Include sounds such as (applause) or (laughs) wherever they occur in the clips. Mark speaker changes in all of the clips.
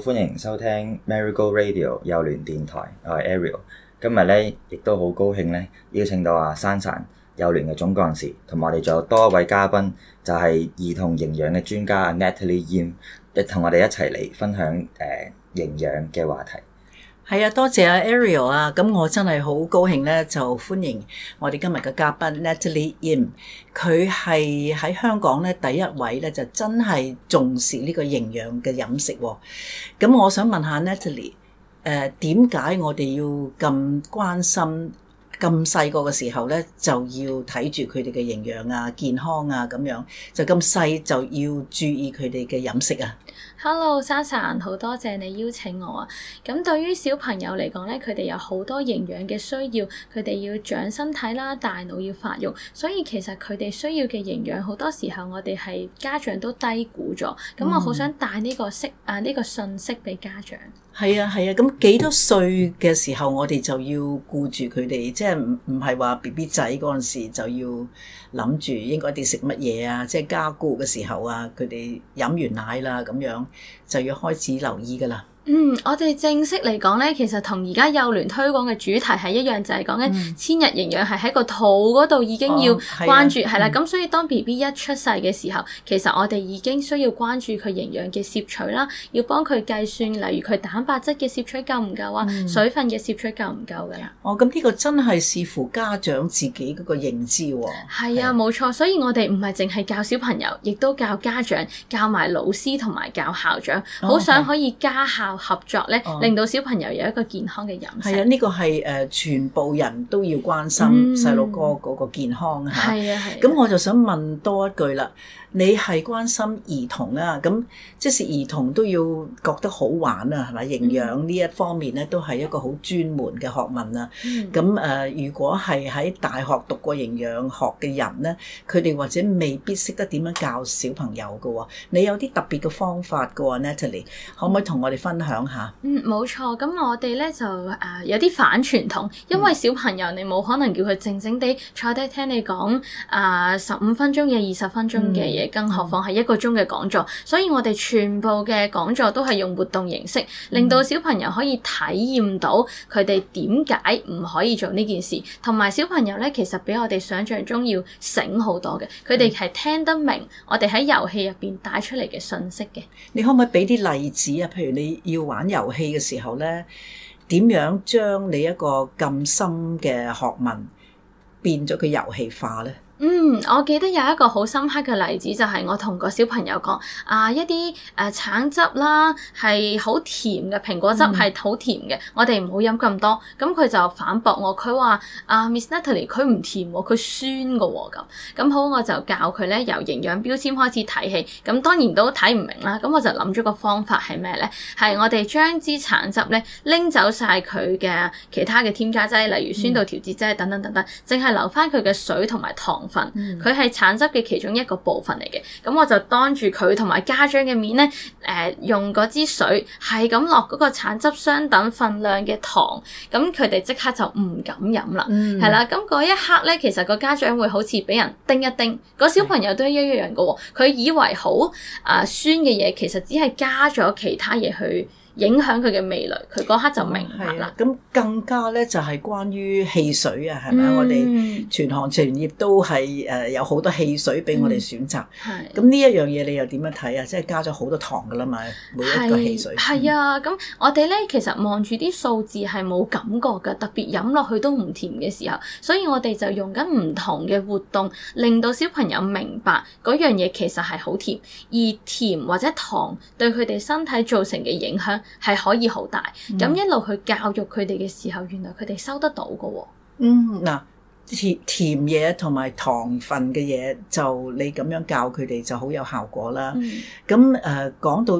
Speaker 1: 歡迎收聽 Marigold Radio 幼聯電台，我係 Ariel。今日咧亦都好高興咧，邀請到阿珊珊，幼聯嘅總幹事，同埋我哋仲有多一位嘉賓，就係、是、兒童營養嘅專家啊 Natalie Yim，同我哋一齊嚟分享誒、呃、營養嘅話題。
Speaker 2: 係啊，多謝阿 Ariel 啊，咁我真係好高興咧，就歡迎我哋今日嘅嘉賓 Natalie Yim。佢係喺香港咧第一位咧，就真係重視呢個營養嘅飲食，哦。咁我想問下 Natalie，誒、呃，點解我哋要咁關心咁細個嘅時候咧，就要睇住佢哋嘅營養啊、健康啊咁樣，就咁細就要注意佢哋嘅飲食啊？
Speaker 3: Hello，Sansan，好多謝你邀請我啊！咁對於小朋友嚟講咧，佢哋有好多營養嘅需要，佢哋要長身體啦，大腦要發育，所以其實佢哋需要嘅營養好多時候我哋係家長都低估咗。咁我好想帶呢個息、嗯、啊呢、這個信息俾家長。
Speaker 2: 係啊係啊，咁、啊、幾多歲嘅時候我哋就要顧住佢哋，即係唔唔係話 B B 仔嗰陣時就要諗住應該啲食乜嘢啊，即係加固嘅時候啊，佢哋飲完奶啦咁樣。就要開始留意㗎啦。
Speaker 3: 嗯，我哋正式嚟講咧，其實同而家幼聯推廣嘅主題係一樣，就係講緊千日營養係喺個肚嗰度已經要關注係啦。咁所以當 BB 一出世嘅時候，其實我哋已經需要關注佢營養嘅攝取啦，要幫佢計算，例如佢蛋白質嘅攝取夠唔夠啊，水分嘅攝取夠唔夠噶啦。
Speaker 2: 哦，咁呢個真係視乎家長自己嗰個認知喎。
Speaker 3: 係啊，冇錯。所以我哋唔係淨係教小朋友，亦都教家長，教埋老師同埋教校長，好想可以家校。合作咧，令到小朋友有一個健康嘅飲食。係、
Speaker 2: 嗯、啊，呢、這個係誒、呃、全部人都要關心細路哥嗰個健康嚇。係、嗯、啊，咁、啊、我就想問多一句啦，你係關心兒童啊？咁即是兒童都要覺得好玩啊，係咪？營養呢一方面咧，都係一個好專門嘅學問啊。咁誒、嗯呃，如果係喺大學讀過營養學嘅人咧，佢哋或者未必識得點樣教小朋友嘅喎、啊。你有啲特別嘅方法嘅喎、啊，Natalie，可唔可以同我哋分？響下，
Speaker 3: 嗯，冇錯。咁我哋咧就誒、呃、有啲反傳統，因為小朋友你冇可能叫佢靜靜地坐低聽你講啊十五分鐘嘅二十分鐘嘅嘢，嗯、更何況係一個鐘嘅講座。所以我哋全部嘅講座都係用活動形式，令到小朋友可以體驗到佢哋點解唔可以做呢件事。同埋小朋友咧，其實比我哋想象中要醒好多嘅，佢哋係聽得明我哋喺遊戲入邊帶出嚟嘅信息嘅。
Speaker 2: 你可唔可以俾啲例子啊？譬如你。要玩遊戲嘅時候咧，點樣將你一個咁深嘅學問變咗佢遊戲化咧？
Speaker 3: 嗯，我記得有一個好深刻嘅例子，就係、是、我同個小朋友講啊，一啲誒、呃、橙汁啦，係好甜嘅，蘋果汁係好甜嘅，嗯、我哋唔好飲咁多。咁佢就反駁我，佢話啊，Miss Natalie，佢唔甜喎，佢酸㗎喎、哦，咁咁好，我就教佢咧由營養標籤開始睇起。咁當然都睇唔明啦。咁我就諗咗個方法係咩咧？係我哋將支橙汁咧拎走晒佢嘅其他嘅添加劑，例如酸度調節劑等等等等，淨係、嗯、留翻佢嘅水同埋糖。份佢係橙汁嘅其中一個部分嚟嘅，咁我就當住佢同埋家長嘅面呢，誒、呃、用嗰支水係咁落嗰個橙汁相等份量嘅糖，咁佢哋即刻就唔敢飲啦，係啦、嗯，咁嗰一刻呢，其實個家長會好似俾人叮一叮，個小朋友都一樣嘅喎、哦，佢的以為好啊、呃、酸嘅嘢，其實只係加咗其他嘢去。影響佢嘅味蕾，佢嗰刻就明白啦。咁、
Speaker 2: 啊啊、更加咧就係、是、關於汽水啊，係咪、嗯、我哋全行全業都係誒、呃、有好多汽水俾我哋選擇。係、嗯。咁呢一樣嘢你又點樣睇啊？即係加咗好多糖噶啦嘛，每一個汽水。
Speaker 3: 係啊，咁、嗯嗯啊、我哋咧其實望住啲數字係冇感覺噶，特別飲落去都唔甜嘅時候，所以我哋就用緊唔同嘅活動，令到小朋友明白嗰樣嘢其實係好甜，而甜或者糖對佢哋身體造成嘅影響。係可以好大，咁一路去教育佢哋嘅時候，嗯、原來佢哋收得到噶、哦。嗯，
Speaker 2: 嗱，甜甜嘢同埋糖分嘅嘢，就你咁樣教佢哋就好有效果啦。咁誒、嗯，講、呃、到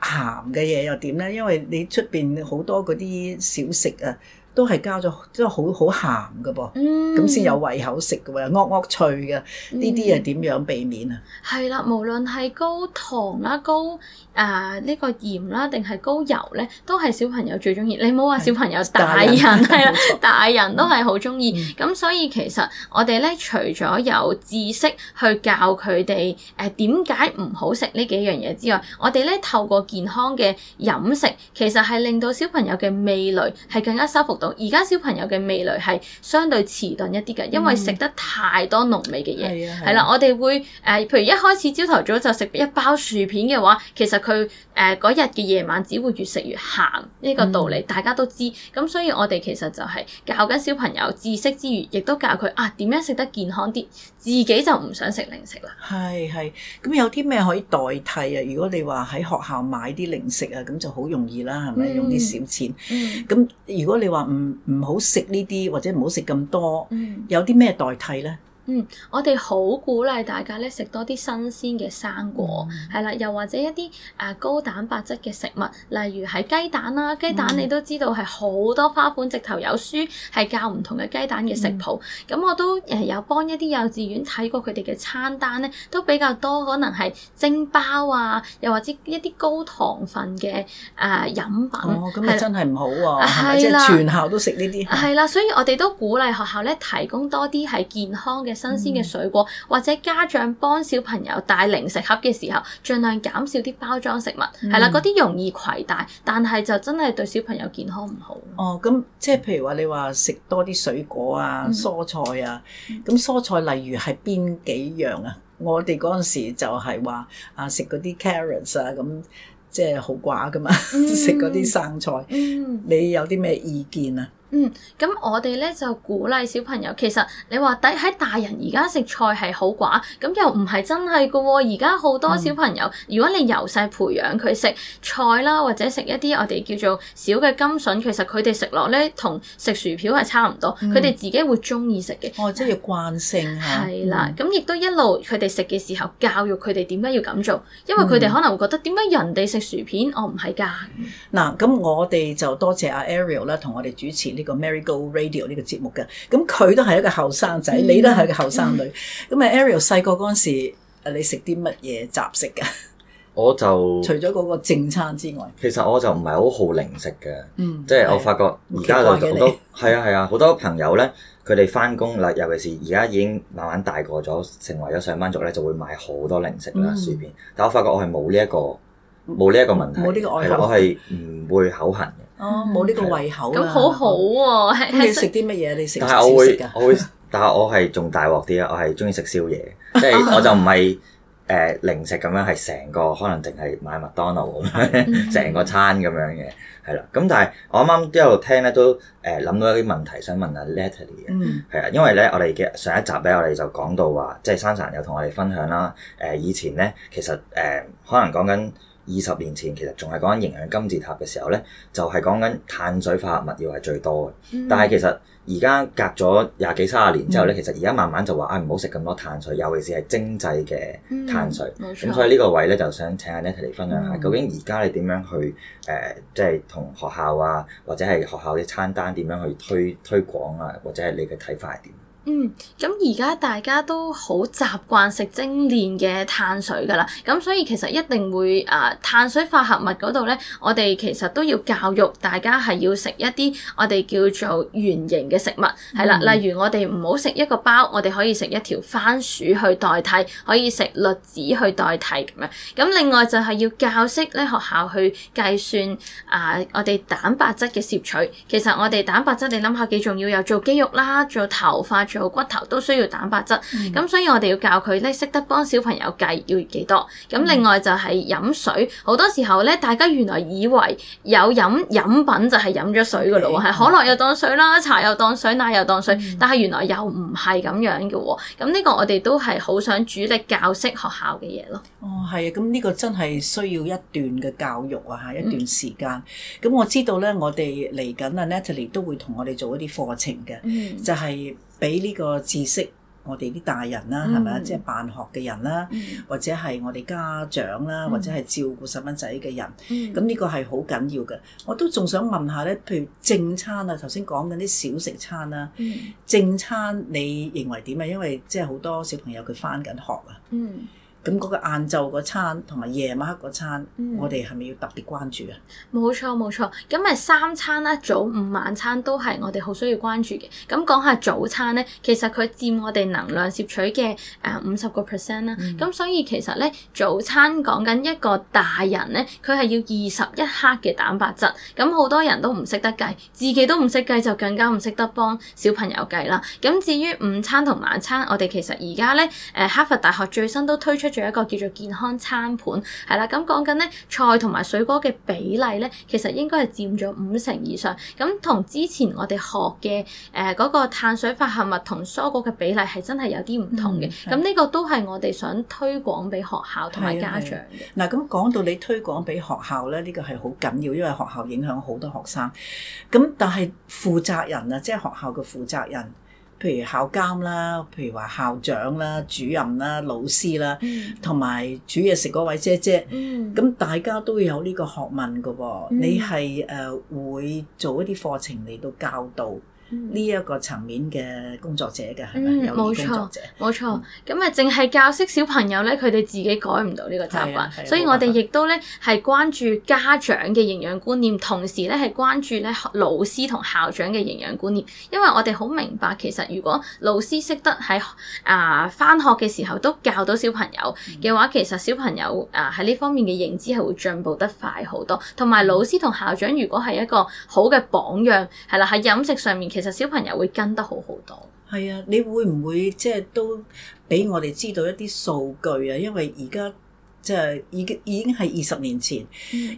Speaker 2: 鹹嘅嘢又點咧？因為你出邊好多嗰啲小食啊。都係加咗都好好鹹嘅噃，咁先、嗯、有胃口食嘅喎，噏噏脆嘅呢啲係點樣避免啊？
Speaker 3: 係啦，無論係高糖啦、高啊呢、呢個鹽啦，定係高油咧，都係小朋友最中意。你冇話小朋友，大人係啦，大人都係好中意。咁、嗯、所以其實我哋咧，除咗有知識去教佢哋誒點解唔好食呢幾樣嘢之外，我哋咧透過健康嘅飲食，其實係令到小朋友嘅味蕾係更加收復到。而家小朋友嘅味蕾係相對遲鈍一啲嘅，嗯、因為食得太多濃味嘅嘢。係啦、啊，啊、我哋會誒、呃，譬如一開始朝頭早就食一包薯片嘅話，其實佢誒嗰日嘅夜晚只會越食越鹹，呢、這個道理大家都知。咁、嗯、所以我哋其實就係教緊小朋友知識之餘，亦都教佢啊，點樣食得健康啲，自己就唔想食零食啦。
Speaker 2: 係係，咁有啲咩可以代替啊？如果你話喺學校買啲零食啊，咁就好容易啦，係咪用啲少錢嗯？嗯，咁、嗯嗯、如果你話唔唔好食呢啲，或者唔好食咁多，嗯、有啲咩代替咧？
Speaker 3: 嗯，我哋好鼓勵大家咧食多啲新鮮嘅生果，係、嗯、啦，又或者一啲誒、呃、高蛋白質嘅食物，例如係雞蛋啦、啊啊。雞蛋你都知道係好多花款，直頭有書係教唔同嘅雞蛋嘅食譜。咁、嗯嗯、我都誒有幫一啲幼稚園睇過佢哋嘅餐單咧，都比較多可能係蒸包啊，又或者一啲高糖分嘅誒、啊、飲品。咁、哦、啊真
Speaker 2: 係唔好喎，係咪即係全校都
Speaker 3: 食呢啲？係啦，所以我哋都鼓勵學校咧提供多啲係健康嘅。新鮮嘅水果，或者家長幫小朋友帶零食盒嘅時候，盡量減少啲包裝食物，係啦、嗯，嗰啲容易携帶，但係就真係對小朋友健康唔好。
Speaker 2: 哦，咁即係譬如話你話食多啲水果啊、蔬菜啊，咁、嗯、蔬菜例如係邊幾樣啊？我哋嗰陣時就係話啊食嗰啲 carrots 啊，咁、啊、即係好寡噶嘛，食嗰啲生菜，嗯、你有啲咩意見啊？
Speaker 3: 嗯，咁我哋咧就鼓勵小朋友。其實你話抵喺大人而家食菜係好寡，咁又唔係真係嘅喎。而家好多小朋友，嗯、如果你由細培養佢食菜啦，或者食一啲我哋叫做小嘅甘筍，其實佢哋食落咧同食薯條係差唔多，佢哋、嗯、自己會中意食嘅。哦，即係要慣性嚇。係啦，咁亦都一路佢哋食嘅時候，教育佢哋點解要咁做，因為佢哋可能會覺得點解、嗯、人哋食薯片，我唔係㗎。
Speaker 2: 嗱、嗯，咁我哋就多謝阿 Ariel 啦，同我哋主持。呢個 Merry Go Radio 呢個節目嘅，咁佢都係一個後生仔，你都係一個後生女。咁啊，Ariel 細個嗰陣時，你食啲乜嘢雜食噶？
Speaker 1: 我就除咗
Speaker 2: 嗰個正餐之外，
Speaker 1: 其實我就唔係好好零食嘅。嗯，即係我發覺而家就好多，係啊係啊，好多朋友咧，佢哋翻工啦，尤其是而家已經慢慢大個咗，成為咗上班族咧，就會買好多零食啦，薯片。但我發覺我係冇呢一個，冇呢一個問題，冇呢個愛好，我係唔會口痕。
Speaker 2: 哦，冇呢、oh, mm hmm, 個胃口咁、嗯、好好、啊、喎。咁、嗯、你食啲乜嘢？你食？但係我會，我
Speaker 1: 會，但係我係仲大鑊啲啊！我係中意食宵夜， (laughs) 即係我就唔係誒零食咁樣，係成個可能淨係買麥當勞咁樣，成 (laughs) 個餐咁樣嘅，係啦、mm。咁、hmm. 但係我啱啱都有聽咧，都誒諗、呃、到一啲問題想問下 Natalie 嘅，係啊，mm hmm. 因為咧我哋嘅上一集咧我哋就講到話，即係珊珊有同我哋分享啦。誒、呃，以前咧其實誒可能講緊。二十年前其實仲係講緊營養金字塔嘅時候呢，就係講緊碳水化合物要係最多嘅。嗯、但係其實而家隔咗廿幾三十年之後呢，嗯、其實而家慢慢就話啊唔好食咁多碳水，尤其是係精製嘅碳水。咁、嗯、所以呢個位呢，就想請阿 Natalie 嚟分享下，嗯、究竟而家你點樣去誒，即係同學校啊，或者係學校啲餐單點樣去推推廣啊，或者係你嘅睇法係點？
Speaker 3: 嗯，咁而家大家都好習慣食精煉嘅碳水㗎啦，咁所以其實一定會啊、呃、碳水化合物嗰度呢，我哋其實都要教育大家係要食一啲我哋叫做原型嘅食物，係啦、嗯，例如我哋唔好食一個包，我哋可以食一條番薯去代替，可以食栗子去代替咁樣。咁另外就係要教識呢學校去計算啊、呃、我哋蛋白質嘅攝取。其實我哋蛋白質你諗下幾重要，又做肌肉啦，做頭髮。做骨頭都需要蛋白質，咁、嗯、所以我哋要教佢咧識得幫小朋友計要幾多。咁另外就係飲水，好、嗯、多時候咧，大家原來以為有飲飲品就係飲咗水噶咯，係 Okay, 可樂又當水啦，嗯、茶又當水，奶又當水，嗯、但係原來又唔係咁樣嘅、哦。咁呢個我哋都係好想主力教識學校嘅嘢咯。
Speaker 2: 哦，係啊，咁呢個真係需要一段嘅教育啊，吓一段時間。咁、嗯、我知道咧，我哋嚟緊啊 Natalie 都會同我哋做一啲課程嘅，就係、是。俾呢個知識，我哋啲大人啦，係咪啊？嗯、即係辦學嘅人啦，嗯、或者係我哋家長啦，嗯、或者係照顧細蚊仔嘅人。咁呢、嗯、個係好緊要嘅。我都仲想問下咧，譬如正餐啊，頭先講緊啲小食餐啦，嗯、正餐你認為點啊？因為即係好多小朋友佢返緊學啊。嗯嗯咁嗰個晏晝嗰餐同埋夜晚黑嗰餐，嗯、我哋係咪要特別關注啊？
Speaker 3: 冇錯冇錯，咁咪三餐啦，早午晚餐都係我哋好需要關注嘅。咁講下早餐咧，其實佢佔我哋能量攝取嘅誒五十個 percent 啦。咁、啊嗯、所以其實咧，早餐講緊一個大人咧，佢係要二十一克嘅蛋白質，咁好多人都唔識得計，自己都唔識計，就更加唔識得幫小朋友計啦。咁至於午餐同晚餐，我哋其實而家咧，誒哈佛大學最新都推出。仲有一個叫做健康餐盤，係啦，咁講緊呢菜同埋水果嘅比例呢，其實應該係佔咗五成以上。咁同之前我哋學嘅誒嗰個碳水化合物同蔬果嘅比例係真係有啲唔同嘅。咁呢、嗯、個都係我哋想推廣俾學校同埋家
Speaker 2: 長嘅。嗱，咁講到你推廣俾學校呢，呢、呢個係好緊要，的因為學校影響好多學生。咁但係負責人啊，即係學校嘅負責人。就是譬如校監啦，譬如話校長啦、主任啦、老師啦，同埋、嗯、煮嘢食嗰位姐姐，咁、嗯、大家都有呢個學問㗎喎、哦。嗯、你係誒會做一啲課程嚟到教導。呢一、嗯、個層面嘅工作者嘅係咪？冇錯，
Speaker 3: 冇錯。咁啊、嗯，淨係、嗯嗯、教識小朋友咧，佢哋自己改唔到呢個習慣。嗯嗯嗯嗯、所以我哋亦都咧係關注家長嘅營養觀念，同時咧係關注咧老師同校長嘅營養觀念。因為我哋好明白，其實如果老師識得喺啊返學嘅時候都教到小朋友嘅話，嗯、其實小朋友啊喺呢方面嘅認知係會進步得快好多。同埋老師同校長如果係一個好嘅榜樣，係啦，喺飲食上面。其實小朋友會跟得好好多。
Speaker 2: 係啊，你會唔會？即係都俾我哋知道一啲數據啊？因為而家。即係已經已經係二十年前，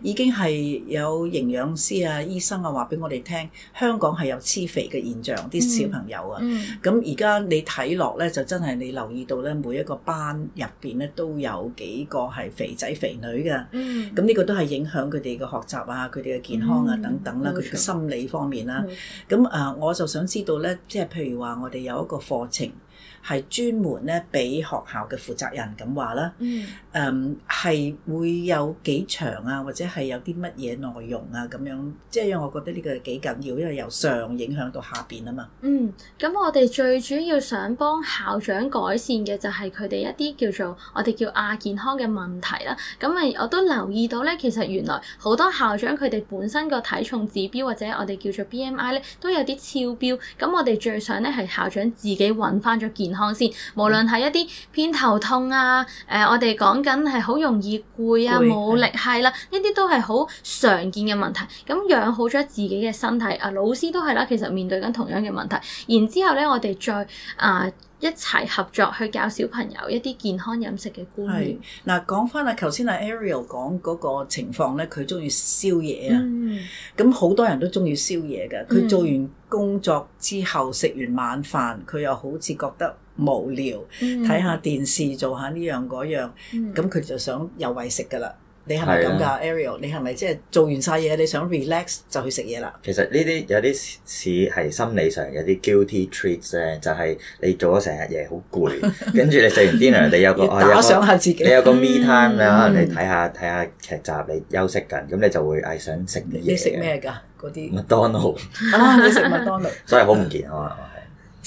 Speaker 2: 已經係有營養師啊、醫生啊話俾我哋聽，香港係有黐肥嘅現象，啲小朋友啊。咁而家你睇落咧，就真係你留意到咧，每一個班入邊咧都有幾個係肥仔肥女嘅。咁呢、嗯、個都係影響佢哋嘅學習啊、佢哋嘅健康啊等等啦、佢哋嘅心理方面啦。咁啊、嗯，嗯、我就想知道咧，即、就、係、是、譬如話，我哋有一個課程。係專門咧俾學校嘅負責人咁話啦，誒係、嗯嗯、會有幾長啊，或者係有啲乜嘢內容啊咁樣，即係因為我覺得呢個幾緊要，因為由上影響到下邊啊嘛。嗯，
Speaker 3: 咁我哋最主要想幫校長改善嘅就係佢哋一啲叫做我哋叫亞、啊、健康嘅問題啦。咁啊，我都留意到咧，其實原來好多校長佢哋本身個體重指標或者我哋叫做 BMI 咧都有啲超標。咁我哋最想咧係校長自己揾翻咗健康。先，無論係一啲偏頭痛啊，誒、嗯呃，我哋講緊係好容易攰啊、冇累力係啦，呢啲的都係好常見嘅問題。咁養好咗自己嘅身體，啊，老師都係啦，其實面對緊同樣嘅問題。然之後咧，我哋再啊、呃、一齊合作去教小朋友一啲健康飲食嘅觀念。
Speaker 2: 嗱、呃，講翻啊，頭先阿 Ariel 講嗰個情況咧，佢中意宵夜啊，咁好、嗯、多人都中意宵夜㗎。佢做完工作之後食完晚飯，佢又好似覺得無聊，睇下電視，做下呢樣嗰樣，咁佢就想又為食噶啦。你係咪咁噶，Ariel？你係咪即係做完曬嘢，你想 relax 就去食嘢啦？
Speaker 1: 其實呢啲有啲似係心理上，有啲 guilty treats 咧，就係你做咗成日嘢好攰，跟住你食完 dinner，你有個打賞下自己，你有個 me time 啦，你可能你睇下睇下劇集，你休息緊，咁你就會係想食啲嘢。你食咩噶？嗰啲麥當勞。
Speaker 2: 啊，你食麥當
Speaker 1: 勞，所以好唔健康。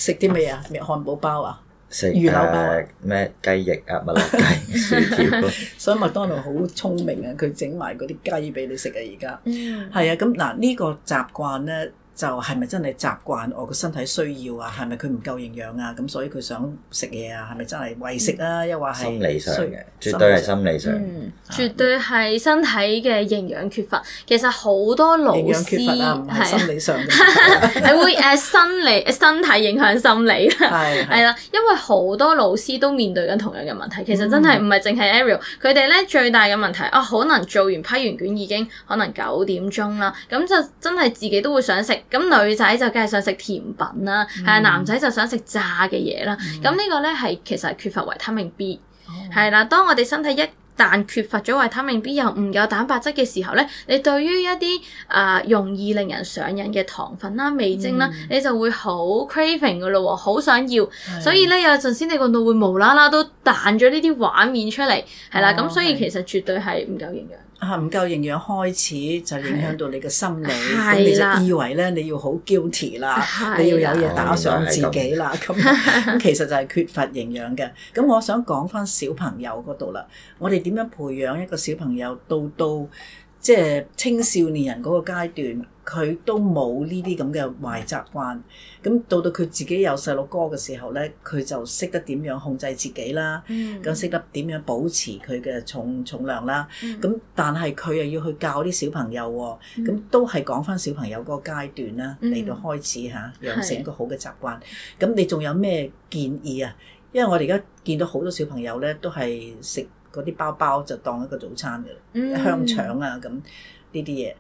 Speaker 2: 食啲咩啊？咩漢堡包啊？
Speaker 1: 吃魚柳包啊？咩、啊、雞翼啊？麥樂雞薯條咯。
Speaker 2: 所以麥當勞好聰明啊！佢整埋嗰啲雞俾你食啊， (laughs) 啊！而家，係啊，咁嗱呢個習慣咧。就係咪真係習慣我個身體需要啊？係咪佢唔夠營養啊？咁所以佢想食嘢啊？係咪真係餵食啊？又話係心理上嘅，絕對係心理上。
Speaker 3: 嗯，嗯絕對係身體嘅營養缺乏。其實好多老師係、啊、心理上嘅、啊，係 (laughs) 會生理身體影響心理啦。係係啦，因為好多老師都面對緊同樣嘅問題。其實真係唔係淨係 Ariel，佢哋咧最大嘅問題，哦、啊，可能做完批完卷已經可能九點鐘啦，咁就真係自己都會想食。咁女仔就梗係想食甜品啦，係男仔就想食炸嘅嘢啦。咁呢個咧係其實係缺乏維他命 B，係啦。當我哋身體一旦缺乏咗維他命 B 又唔夠蛋白質嘅時候咧，你對於一啲啊容易令人上癮嘅糖分啦、味精啦，你就會好 craving 噶咯，好想要。所以咧有陣時你個腦會無啦啦都彈咗呢啲畫面出嚟，係啦。咁所以其實絕對係唔夠營養。
Speaker 2: 唔、啊、夠營養開始就影響到你嘅心理。咁的你就以為咧，你要好 guilty 啦，你要，的你要有嘢打賞自己啦，咁咁的其實就係缺乏營養嘅。咁 (laughs) 我想講返小朋友嗰度啦，我哋點樣培養一個小朋友到到即係、就是、青少年人嗰個階段。佢都冇呢啲咁嘅壞習慣，咁到到佢自己有細路哥嘅時候咧，佢就識得點樣控制自己啦。嗯。咁識得點樣保持佢嘅重重量啦。嗯。咁但係佢又要去教啲小朋友喎、哦，咁、嗯、都係講翻小朋友嗰個階段啦，嚟、嗯、到開始嚇、啊、養成一個好嘅習慣。咁的你仲有咩建議啊？因為我哋而家見到好多小朋友咧，都係食嗰啲包包就當一個早餐嘅，嗯、香腸啊咁呢啲嘢。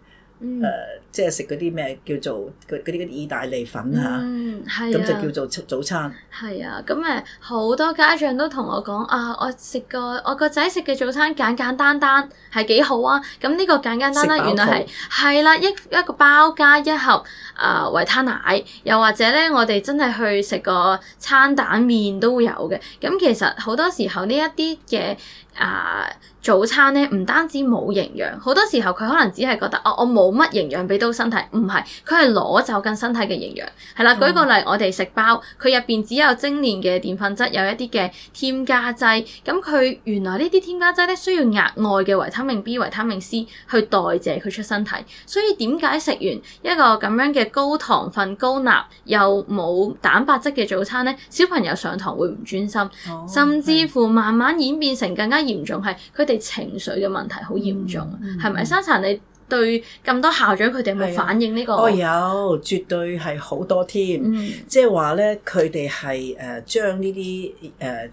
Speaker 2: 誒、嗯呃，即係食嗰啲咩叫做嗰啲嗰意大利粉、嗯、啊，
Speaker 3: 咁就叫做早餐。係啊，咁誒好多家長都同我講啊，我食個我個仔食嘅早餐簡簡單單,單，係幾好啊！咁呢個簡簡單單、啊、原來係係啦，一一個包加一盒啊、呃、維他奶，又或者咧，我哋真係去食個餐蛋麵都會有嘅。咁、嗯、其實好多時候呢一啲嘅。啊！早餐呢，唔單止冇營養，好多時候佢可能只係覺得哦，我冇乜營養俾到身體。唔係，佢係攞走緊身體嘅營養。係啦，嗯、舉個例，我哋食包，佢入邊只有精煉嘅澱粉質，有一啲嘅添加劑。咁佢原來呢啲添加劑呢，需要額外嘅維他命 B、維他命 C 去代謝佢出身體。所以點解食完一個咁樣嘅高糖分、高鈉又冇蛋白質嘅早餐呢？小朋友上堂會唔專心，哦、甚至乎慢慢演變成更加嚴重，係佢哋情緒嘅問題好嚴重，係咪、嗯？嗯、是是珊珊，你對咁多校長佢哋有冇反映呢、這個？我
Speaker 2: 有、啊哦，絕對係好多添。即係話咧，佢哋係誒將呢啲誒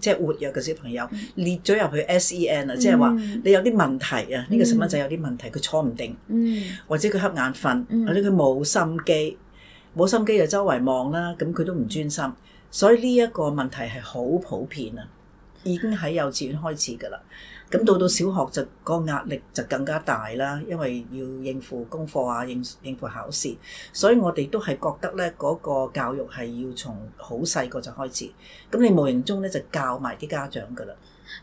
Speaker 2: 即係活躍嘅小朋友列咗入去 SEN 啊、嗯，即係話你有啲問題啊，呢個細蚊仔有啲問題，佢、嗯、坐唔定，嗯、或者佢瞌眼瞓，嗯、或者佢冇心機，冇心機就周圍望啦，咁佢都唔專心，所以呢一個問題係好普遍啊。已經喺幼稚園開始㗎啦，咁到到小學就個壓力就更加大啦，因為要應付功課啊，應應付考試，所以我哋都係覺得咧，嗰個教育係要從好細個就開始，咁你無形中咧就教埋啲家長㗎啦。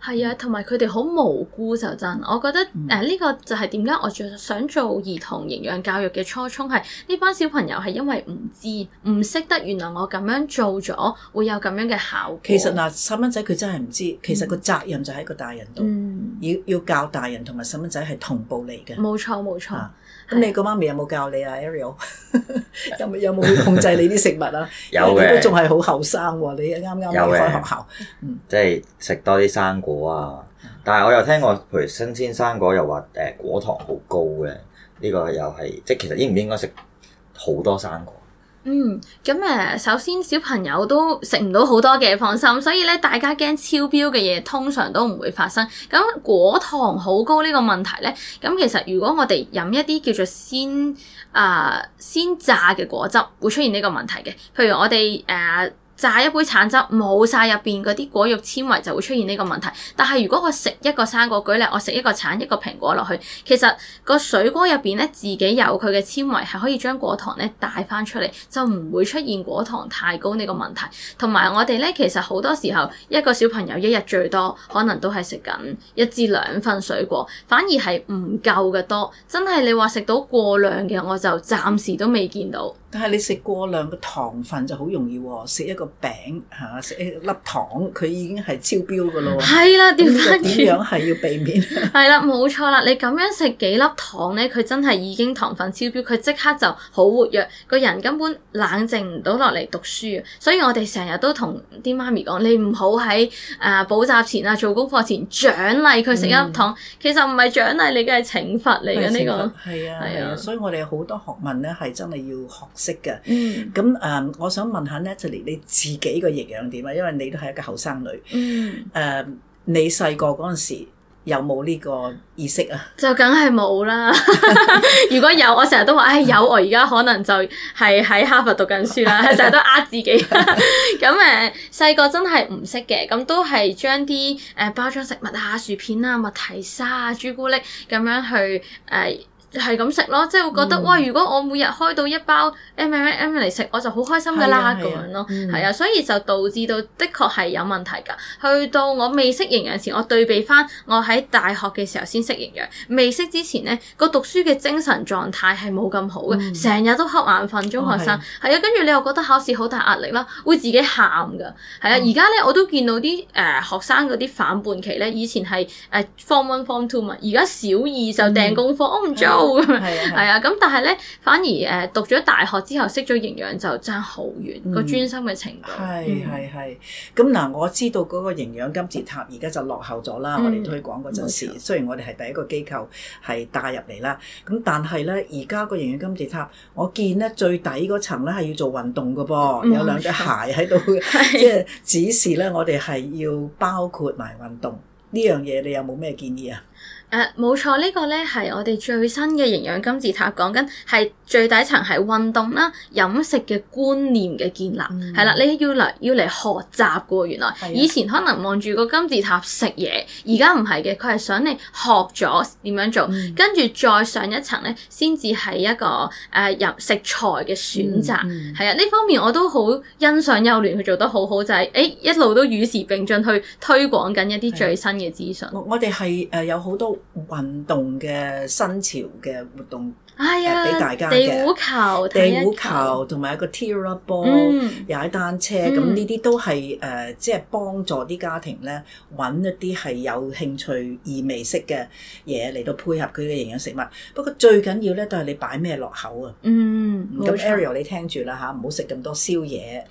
Speaker 3: 係啊，同埋佢哋好無辜就真，我覺得誒呢、嗯啊呢個就係點解我最想做兒童營養教育嘅初衷，係呢班小朋友係因為唔知唔識得，原來我咁樣做咗會有咁樣嘅效果。其實
Speaker 2: 嗱，細蚊仔佢真係唔知，其實個責任就喺個大人度，嗯、要要教大人同埋細蚊仔係同步嚟嘅。冇錯，冇錯。啊咁你個媽咪有冇教你啊，Ariel？ (laughs) 有冇有冇控制你啲食物啊？ (laughs) 有嘅的，都仲係好後生喎，你啱啱開學校。有
Speaker 1: 的、嗯、即係食多啲生果啊！但係我又聽過，譬如新鮮生果又話誒果糖好高嘅，呢、這個又係即係其實應唔應該食好多生果？
Speaker 3: 嗯，咁誒，首先小朋友都食唔到好多嘅，放心。所以咧，大家驚超標嘅嘢，通常都唔會發生。咁果糖好高呢個問題咧，咁其實如果我哋飲一啲叫做鮮啊鮮榨嘅果汁，會出現呢個問題嘅。譬如我哋誒，呃榨一杯橙汁冇晒入邊嗰啲果肉纖維，就會出現呢個問題。但係如果我食一個生果，舉例我食一個橙，一個蘋果落去，其實個水果入邊咧自己有佢嘅纖維，係可以將果糖咧帶翻出嚟，就唔會出現果糖太高呢個問題。同埋我哋咧，其實好多時候一個小朋友一日最多可能都係食緊一至兩份水果，反而係唔夠嘅多。真係你話食到過量嘅，我就暫時都未見到。但係你食過量嘅糖分就好容易食一個。餅
Speaker 2: 係食一粒糖，佢已經係超標噶咯喎。係啦，掉返，點樣係要避免？
Speaker 3: 係啦，冇錯啦。你咁樣食幾粒糖咧，佢真係已經糖分超標，佢即刻就好活躍，個人根本冷靜唔到落嚟讀書。所以我哋成日都同啲媽咪講，你唔好喺啊補習前啊做功課前獎勵佢食一粒糖。其實唔係獎勵你嘅，係懲罰嚟嘅呢個。係啊係啊，
Speaker 2: 所以我哋好多學問咧係真係要學識嘅。嗯。咁啊，我想問下 Natalie 你自己個營養點啊？因為你都係一個後生女，誒、
Speaker 3: uh，
Speaker 2: 你細個嗰陣時有冇呢個意識啊？
Speaker 3: 就梗係冇啦。 (laughs) 如果有，我成日都話：唉、哎，有我而家可能就係喺哈佛讀緊書啦，成日都呃自己。咁 (laughs) 誒，細個真係唔識嘅，咁都係將啲誒包裝食物啊、薯片啊、麥提沙、朱古力咁樣去誒。啊就係咁食咯，即係會覺得哇、嗯！如果我每日開到一包、MM、M M M 嚟食，我就好開心噶啦咁樣咯，係啊，啊，啊，所以就導致到的確係有問題㗎。嗯、去到我未識營養前，我對比翻我喺大學嘅時候先識營養，未識之前呢，個讀書嘅精神狀態係冇咁好嘅，成日、嗯、都瞌眼瞓，中學生係、哦、啊，跟住、啊、你又覺得考試好大壓力啦，會自己喊㗎。係啊，而家、嗯、呢，我都見到啲誒、呃、學生嗰啲反叛期呢，以前係誒 form one form two 嘛，而家小二就掟功、嗯、課，我唔做。嗯係啊，係啊，咁但係咧，反而誒讀咗大學之後，識咗營養就爭好遠，嗯、個專心嘅程度。係係係，
Speaker 2: 咁 (noise) 嗱、嗯，我知道嗰個營養金字塔而家就落後咗啦。嗯、我哋推廣嗰陣時，雖然我哋係第一個機構係帶入嚟啦，咁、嗯、但係咧，而家個營養金字塔，我見咧最底嗰層咧係要做運動噶噃，嗯、有兩隻鞋喺度，即係指示咧，我哋係要包括埋運動呢樣嘢。你有冇咩建
Speaker 3: 議啊？誒冇錯，呢個咧係我哋最新嘅營養金字塔，講緊係最底層係運動啦，飲食嘅觀念嘅建立，係啦，你要嚟要嚟學習嘅喎，原來以前可能望住個金字塔食嘢，而家唔係嘅，佢係想你學咗點樣做，跟住再上一層咧，先至係一個誒飲食材嘅選擇，係啊，呢方面我都好欣賞幼聯佢做得好好，就係誒一路都與時並進去推廣緊一啲最新嘅資訊。我哋係誒有好多。
Speaker 2: 運動嘅新潮嘅活動。
Speaker 3: 係啊，哎、大家地壺球、球地球
Speaker 2: 同埋一個 Terra Ball，波、嗯，踩單車，咁呢啲都係誒，即、呃、係、就是、幫助啲家庭咧，揾一啲係有興趣、意味式嘅嘢嚟到配合佢嘅營養食物。不過最緊要咧，都係你擺咩落口啊。嗯，咁 Ariel、嗯、你聽住啦吓，唔好食咁多宵夜。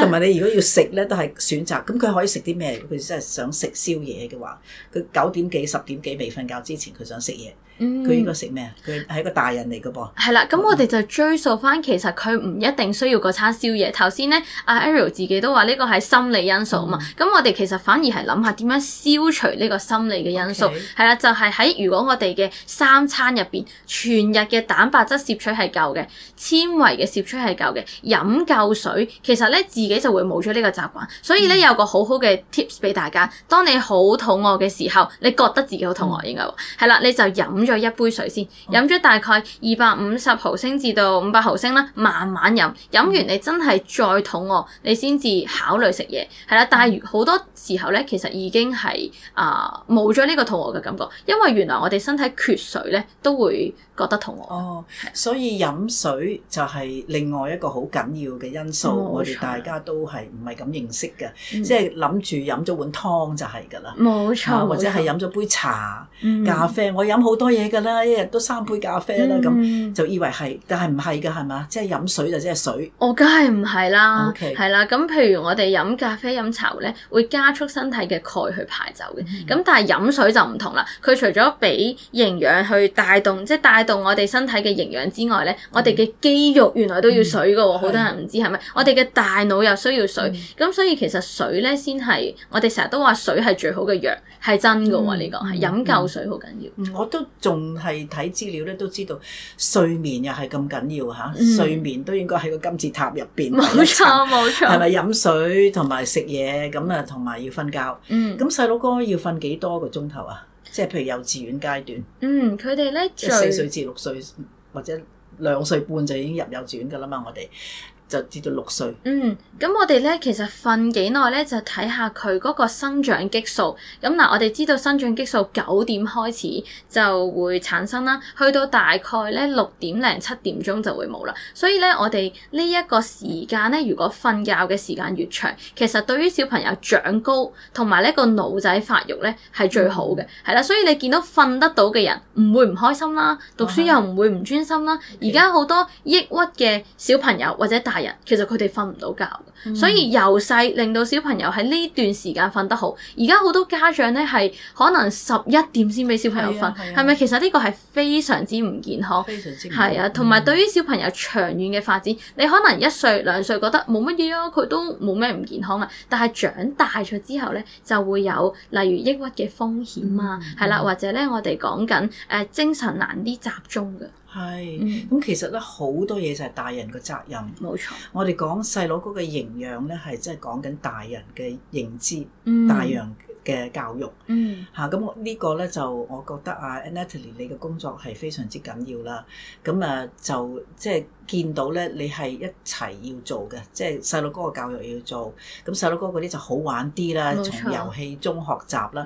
Speaker 2: 同埋你如果要食咧，都係選擇。咁佢可以食啲咩？佢真係想食宵夜嘅話，佢九點幾、十點幾未瞓覺之前，佢想食嘢。
Speaker 3: 佢、嗯、應該食
Speaker 2: 咩啊？佢係一個大人嚟嘅噃。
Speaker 3: 係啦，咁我哋就追溯翻，其實佢唔一定需要嗰餐宵夜。頭先咧，阿 Ariel 自己都話呢個係心理因素啊嘛。咁、嗯、我哋其實反而係諗下點樣消除呢個心理嘅因素。係啦 Okay.，就係、是、喺如果我哋嘅三餐入邊，全日嘅蛋白質攝取係夠嘅，纖維嘅攝取係夠嘅，飲夠水，其實咧自己就會冇咗呢個習慣。所以咧有個好好嘅 tips 俾大家，當你好肚餓嘅時候，你覺得自己好肚餓應該係啦、嗯，你就飲。飲咗一杯水先，飲咗大概二百五十毫升至到五百毫升啦，慢慢飲。飲完你真係再肚餓，你先至考慮食嘢，係啦。但係好多時候咧，其實已經係啊冇咗呢個肚餓嘅感覺，因為原來我哋身體缺水咧都會覺得肚餓。哦，所以
Speaker 2: 飲水就係另外一個好緊要嘅因素，錯我哋大家都係唔係咁認識噶，嗯、即係諗住飲咗碗湯就係噶啦，冇錯錯、啊，或者係飲咗杯茶、嗯、咖啡，我飲好多。嘢噶啦，一日都三杯咖啡啦，咁就以為係，但係唔係噶係嘛？即係飲水就即係水。
Speaker 3: 我梗係唔係啦，係啦。咁譬如我哋飲咖啡、飲茶咧，會加速身體嘅鈣去排走嘅。咁但係飲水就唔同啦。佢除咗俾營養去帶動，即係帶動我哋身體嘅營養之外咧，我哋嘅肌肉原來都要水噶喎。好多人唔知係咪？我哋嘅大腦又需要水。咁所以其實水咧先係我哋成日都話水係最好嘅藥，係真噶喎。你講係飲夠水好緊要。
Speaker 2: 我都。仲係睇資料咧，都知道睡眠又係咁緊要吓，嗯、睡眠都應該喺個金字塔入邊。冇錯冇錯，係咪錯飲水同埋食嘢咁啊？同埋要瞓覺。嗯。咁細佬哥要瞓幾多個鐘頭啊？即係譬如幼稚園階段。嗯，
Speaker 3: 佢哋咧，四歲
Speaker 2: 至六歲或者兩歲半就已經入幼稚園噶啦嘛，我哋。就至到六歲。
Speaker 3: 嗯，咁我哋咧，其實瞓幾耐咧，就睇下佢嗰個生長激素。咁嗱，我哋知道生長激素九點開始就會產生啦，去到大概咧六點零七點鐘就會冇啦。所以咧，我哋呢一個時間咧，如果瞓覺嘅時間越長，其實對於小朋友長高同埋呢個腦仔發育咧係最好嘅。係啦、嗯，所以你見到瞓得到嘅人唔會唔開心啦，讀書又唔會唔專心啦。而家好多抑鬱嘅小朋友或者大。其實佢哋瞓唔到覺，嗯、所以由細令到小朋友喺呢段時間瞓得好。而家好多家長呢，係可能十一點先俾小朋友瞓，係咪，啊啊。其實呢個係非常之唔健康，非常之，係啊，同埋對於小朋友長遠嘅發展，嗯、你可能一歲、兩歲覺得冇乜嘢啊，佢都冇咩唔健康啊，但係長大咗之後呢，就會有例如抑鬱嘅風險啊，係啦，或者呢，我哋講緊誒精神難啲集中嘅。
Speaker 2: 係，咁其實咧好多嘢就係大人嘅責任。冇錯，我哋講細佬哥嘅營養咧，係即係講緊大人嘅認知，嗯、大人嘅教育。嗯，嚇、啊，咁呢個咧就我覺得啊，Natalie 你嘅工作係非常之緊要啦。咁啊，就即、是、係。見到咧，你係一齊要做嘅，即係細路哥嘅教育要做。咁細路哥嗰啲就好玩啲啦，從遊戲中學習啦。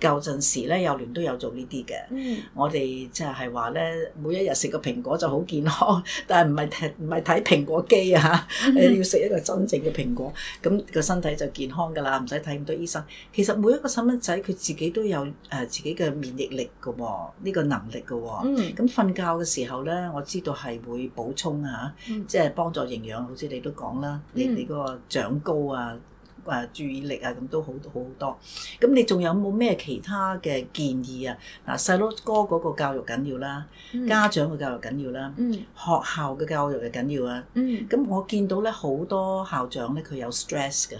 Speaker 2: 舊陣、嗯、時咧，幼年都有做、嗯、呢啲嘅。我哋即係話咧，每一日食個蘋果就好健康，但係唔係睇，唔係睇蘋果機啊，嗯、你要食一個真正嘅蘋果，咁、個身體就健康㗎啦，唔使睇咁多醫生。其實每一個細蚊仔佢自己都有誒自己嘅免疫力㗎喎、哦，呢個能力㗎喎、哦。咁瞓覺嘅時候咧，我知道係會補充。嗯工、嗯、即係幫助營養，好似你都講啦，你你嗰個長高啊、誒、啊、注意力啊，咁都好好多。咁你仲有冇咩其他嘅建議啊？嗱、啊，細佬哥嗰個教育緊要啦，家長嘅教育緊要啦，學校嘅教育又緊要啊。咁我見到咧好多校長咧，佢有 stress 㗎。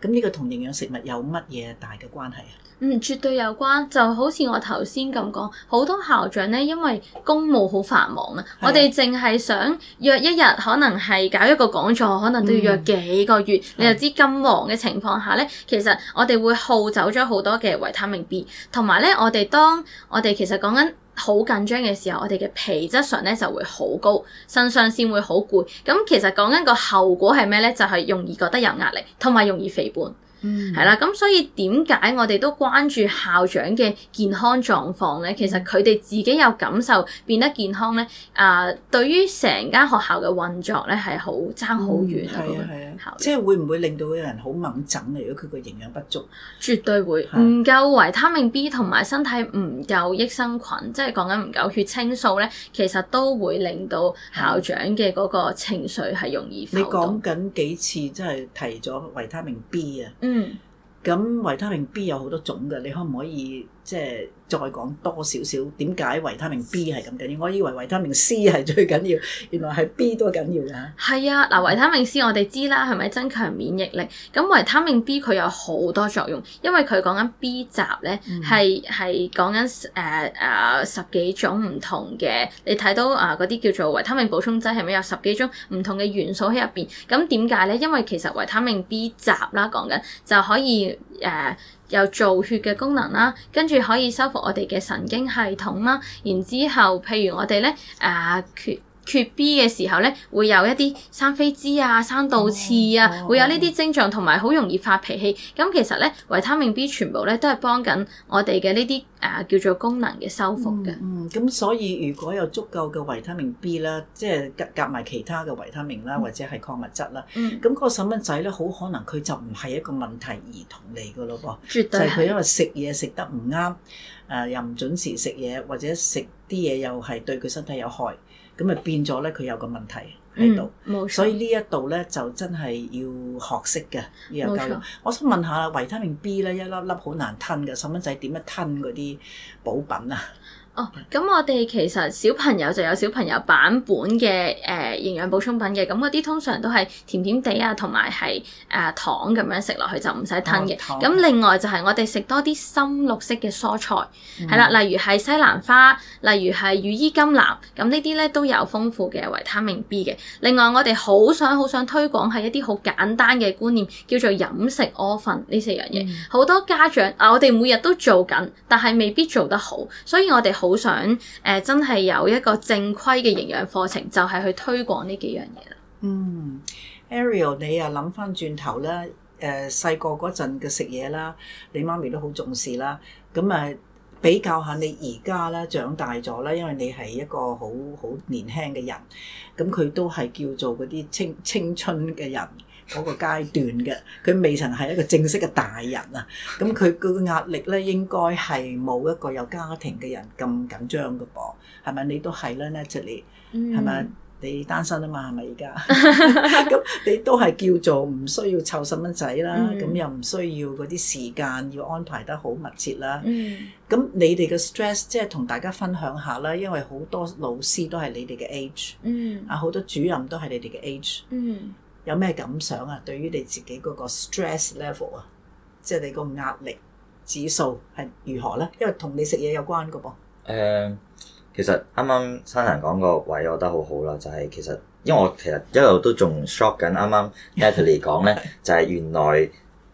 Speaker 2: 咁呢個同營養食物有乜嘢大嘅關係啊？
Speaker 3: 嗯，絕對有關，就好似我頭先咁講，好多校長呢，因為公務好繁忙啊，的我哋淨係想約一日，可能係搞一個講座，可能都要約幾個月。嗯、你就知咁忙嘅情況下呢，其實我哋會耗走咗好多嘅維他命 B，同埋呢，我哋當我哋其實講緊好緊張嘅時候，我哋嘅皮質醇呢就會好高，腎上腺會好攰。咁其實講緊個後果係咩呢？就係、是、容易覺得有壓力，同埋容易肥胖。嗯，係啦，咁所以點解我哋都關注校長嘅健康狀況咧？其實佢哋自己有感受變得健康咧，啊、呃，對於成間學校嘅運作咧係好爭好遠啊！係啊、嗯、即係會唔會令到有人好猛診？如果佢個營養不足，絕對會唔夠維他命 B 同埋身體唔夠益生菌，的即係講緊唔夠血清素咧，其實都會令到校長嘅嗰個情緒係容易。你講緊
Speaker 2: 幾次真係提咗維他命 B 啊？嗯，咁維他命 B 有好多種嘅，你可唔可以即係再講多少少點解維他命 B 係咁緊要？我以為維他命 C 係最緊要，原來係 B 都緊要㗎。
Speaker 3: 係啊，嗱，維他命 C 我哋知啦，係咪增強免疫力？咁維他命 B 佢有好多作用，因為佢講緊 B 集咧，係係講緊誒誒十幾種唔同嘅。你睇到啊嗰啲叫做維他命補充劑係咪有十幾種唔同嘅元素喺入邊？咁點解咧？因為其實維他命 B 集啦，講緊就可以誒。呃有造血嘅功能啦，跟住可以修復我哋嘅神經系統啦，然之後譬如我哋咧，啊缺。缺 B 嘅時候咧，會有一啲生痱滋啊、生倒刺啊，嗯、會有呢啲症狀，同埋好容易發脾氣。咁其實咧，維他命 B 全部咧都係幫緊我哋嘅呢啲誒叫做功能嘅修復嘅、嗯。嗯，
Speaker 2: 咁所以如果有足夠嘅維他命 B 啦，即係夾夾埋其他嘅維他命啦，或者係礦物質啦，咁嗰、嗯、個細蚊仔咧，好可能佢就唔係一個問題兒童嚟噶咯噃，絕對 就係佢因為食嘢食得唔啱，誒、呃、又唔準時食嘢，或者食啲嘢又係對佢身體有害。咁咪變咗咧，佢有個問題喺度，冇錯。嗯，所以呢一度咧就真係要學識嘅呢樣教育。冇錯。我想問下維他命 B 咧，一粒粒好難吞嘅，細蚊仔點樣吞嗰啲補品啊？
Speaker 3: 哦，咁我哋其實小朋友就有小朋友版本嘅，誒營養補充品嘅，咁嗰啲通常都係甜甜地啊，同埋係誒糖咁樣食落去就唔使吞嘅。咁、哦、另外就係我哋食多啲深綠色嘅蔬菜，係啦、嗯，例如係西蘭花，例如係羽衣甘藍，咁呢啲咧都有豐富嘅維他命 B 嘅。另外我哋好想好想推廣係一啲好簡單嘅觀念，叫做飲食 o 安分呢四樣嘢。好、嗯、多家長啊，我哋每日都做緊，但係未必做得好，所以我哋好。好想誒、呃、真係有一個正規嘅營養課程，就係、是、去推廣呢幾樣嘢啦。嗯
Speaker 2: ，Ariel，你又諗翻轉頭啦，誒細個嗰陣嘅食嘢啦，你媽咪都好重視啦。咁啊，比較下你而家啦，長大咗啦，因為你係一個好好年輕嘅人，咁佢都係叫做嗰啲青青春嘅人。嗰個階段嘅，佢未曾係一個正式嘅大人啊！咁佢佢個壓力咧，應該係冇一個有家庭嘅人咁緊張㗎噃，係咪？你都係啦，Natalie，係咪？你單身啊嘛，係咪而家？咁 (laughs) 你都係叫做唔需要湊細蚊仔啦，咁、mm hmm. 又唔需要嗰啲時間要安排得好密切啦。咁、mm hmm. 你哋嘅 stress 即係同大家分享下啦，因為好多老師都係你哋嘅 age，、mm hmm. 啊好多主任都係你哋嘅 age、mm。Hmm. 有咩感想啊？對於你自己嗰個 stress level 啊，即係你個壓力指數係如何呢？因為同你食嘢有關㗎噃。
Speaker 1: 誒，其實啱啱珊珊講個位，我覺得好好啦，就係其實因為我其實一路都仲 shock 緊，啱啱 Natalie 講呢，就係原來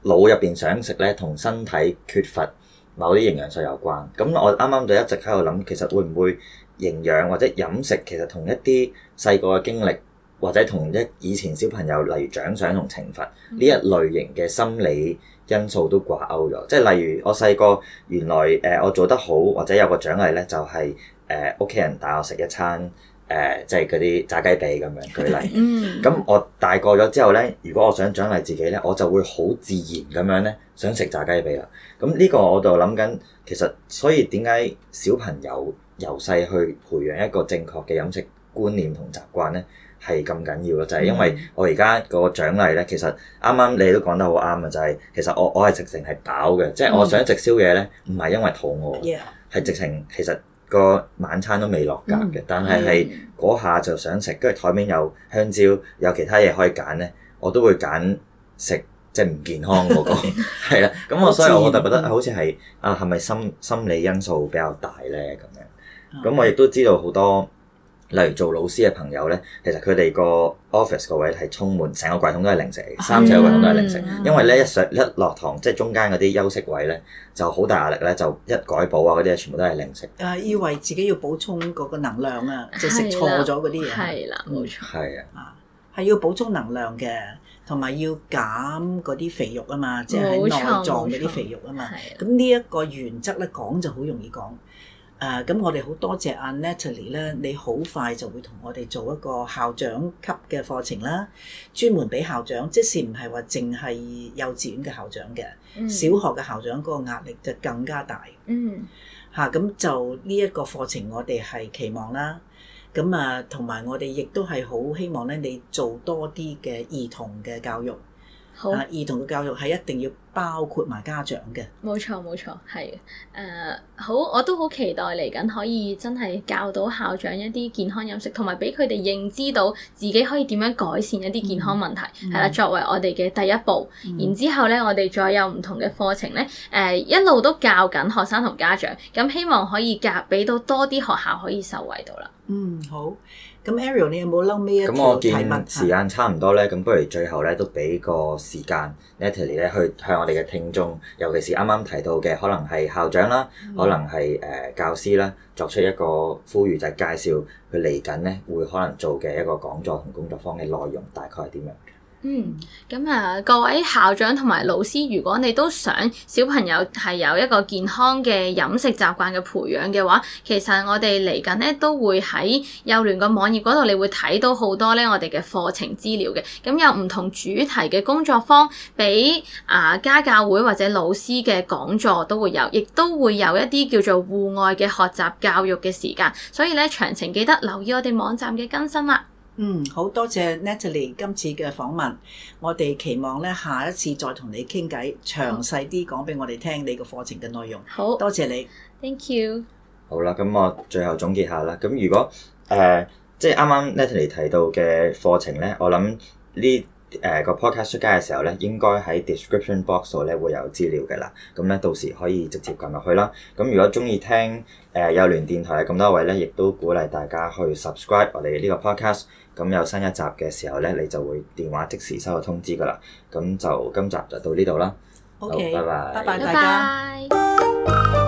Speaker 1: 腦入邊想食呢，同身體缺乏某啲營養素有關。咁我啱啱就一直喺度諗，其實會唔會營養或者飲食其實同一啲細個嘅經歷？或者同一以前小朋友，例如獎賞同懲罰呢、嗯、一類型嘅心理因素都掛鈎咗，即係例如我細個原來誒、呃、我做得好或者有個獎勵咧，就係誒屋企人帶我食一餐誒即係嗰啲炸雞髀咁樣舉例。嗯，咁我大個咗之後咧，如果我想獎勵自己咧，我就會好自然咁樣咧想食炸雞髀啦。咁呢個我就諗緊，其實所以點解小朋友由細去培養一個正確嘅飲食觀念同習慣咧？係咁緊要咯，就係、是、因為我而家個獎勵咧，其實啱啱你都講得好啱嘅，就係、是、其實我我係直情係飽嘅，即、就、係、是、我想食宵夜咧，唔係因為肚餓，係、嗯、直情其實個晚餐都未落格嘅，嗯、但係係嗰下就想食，跟住枱面有香蕉有其他嘢可以揀咧，我都會揀食即係唔健康嗰、那個，係啊， (laughs) 咁我像所以我就覺得、嗯、好似係啊，係咪心心理因素比較大咧咁樣？咁我亦都知道好多。例如做老師嘅朋友咧，其實佢哋個 office 個位係充滿成個櫃桶都係零食嘅，三隻櫃桶都係零食。因為咧一上一落堂，即係中間嗰啲休息位咧就好大壓力咧，就一改補啊嗰啲嘢全部都係零食。
Speaker 2: 啊，以為自己要補充嗰個能量啊，即係食錯咗嗰啲嘢。係啦，冇錯，係啊，係要補充能量嘅，同埋要減嗰啲肥肉啊嘛，即係內臟嗰啲肥肉啊嘛。咁呢一個原則咧講就好容易講。啊，咁我哋好多謝阿 Natalie 咧，你好快就會同我哋做一個校長級嘅課程啦，專門俾校長，即使唔係話淨係幼稚園嘅校長嘅，嗯、小學嘅校長嗰個壓力就更加大。嗯，嚇、啊，咁就呢一個課程我哋係期望啦。咁啊，同埋我哋亦都係好希望咧，你做多啲嘅兒童嘅教育。啊！好，兒童嘅教育係一定要包括埋家長嘅。
Speaker 3: 冇錯，冇錯，係誒、uh, 好，我都好期待嚟緊可以真係教到校長一啲健康飲食，同埋俾佢哋認知到自己可以點樣改善一啲健康問題。係啦、嗯，作為我哋嘅第一步，嗯、然之後呢，我哋再有唔同嘅課程呢誒、嗯嗯、一路都教緊學生同家長，咁希望可以夾俾到多啲學校可以受惠到啦。嗯，
Speaker 2: 好。咁 Ariel，你有冇嬲咩？一咁我見
Speaker 1: 時間差唔多咧，咁不如最後咧都俾個時間，Natalie 咧去向我哋嘅聽眾，尤其是啱啱提到嘅，可能係校長啦，嗯、可能係誒、呃、教師啦，作出一個呼籲，就係介紹佢嚟緊咧會可能做嘅一個講座同工作坊嘅內容，大概係點樣。
Speaker 3: 嗯，咁、嗯、啊，各位校長同埋老師，如果你都想小朋友係有一個健康嘅飲食習慣嘅培養嘅話，其實我哋嚟緊呢都會喺幼聯嘅網頁嗰度，你會睇到好多呢我哋嘅課程資料嘅。咁、嗯、有唔同主題嘅工作坊，俾啊、呃、家教會或者老師嘅講座都會有，亦都會有一啲叫做戶外嘅學習教育嘅時間。所以呢，詳情記得留意我哋網站嘅更新啦。
Speaker 2: 嗯，好多謝 Natalie 今次嘅訪問。我哋期望
Speaker 3: 咧下一次再
Speaker 2: 同你傾偈，詳細啲講俾我哋聽你個課程嘅內容。好多謝你，Thank you 好。
Speaker 1: 好啦，咁我最後總結下啦。咁如果誒、呃、即係啱啱 Natalie 提到嘅課程咧，我諗呢誒個 podcast 出街嘅時候咧，應該喺 description box 度咧會有資料嘅啦。咁咧到時可以直接撳入去啦。咁如果中意聽誒幼聯電台咁多位咧，亦都鼓勵大家去 subscribe 我哋呢個 podcast。咁有新一集嘅時候呢，你就會電話即時收到通知㗎喇。咁就今集就到呢度啦。
Speaker 3: 好，拜拜，大家。